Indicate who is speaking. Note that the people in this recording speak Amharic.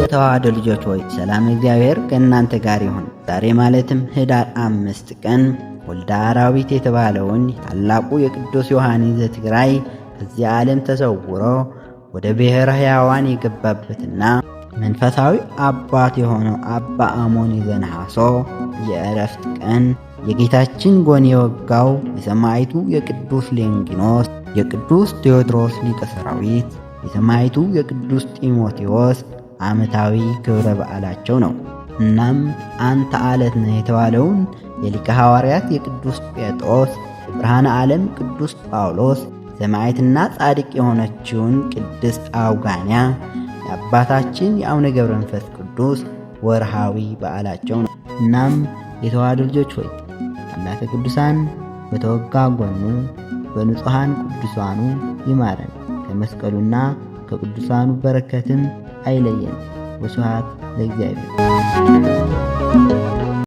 Speaker 1: የተዋሃደ ልጆች ሆይ ሰላም እግዚአብሔር ከእናንተ ጋር ይሁን። ዛሬ ማለትም ህዳር አምስት ቀን ወልዳ አራዊት የተባለውን ታላቁ የቅዱስ ዮሐንስ ዘትግራይ ከዚህ ዓለም ተሰውሮ ወደ ብሔረ ሕያዋን የገባበትና መንፈሳዊ አባት የሆነው አባ አሞን ዘነሐሶ የእረፍት ቀን የጌታችን ጎን የወጋው የሰማዕቱ የቅዱስ ሌንጊኖስ፣ የቅዱስ ቴዎድሮስ ሊቀ ሰራዊት፣ የሰማዕቱ የቅዱስ ጢሞቴዎስ ዓመታዊ ክብረ በዓላቸው ነው። እናም አንተ ዓለት ነህ የተባለውን የሊቀ ሐዋርያት የቅዱስ ጴጥሮስ የብርሃነ ዓለም ቅዱስ ጳውሎስ ሰማዕትና ጻድቅ የሆነችውን ቅድስት አውጋንያ የአባታችን የአቡነ ገብረ መንፈስ ቅዱስ ወርሃዊ በዓላቸው ነው። እናም የተዋሕዶ ልጆች ሆይ አምላከ ቅዱሳን በተወጋ ጎኑ በንጹሐን ቅዱሳኑ ይማረን ከመስቀሉና ከቅዱሳኑ በረከትም أي لين وسعة الجاذبية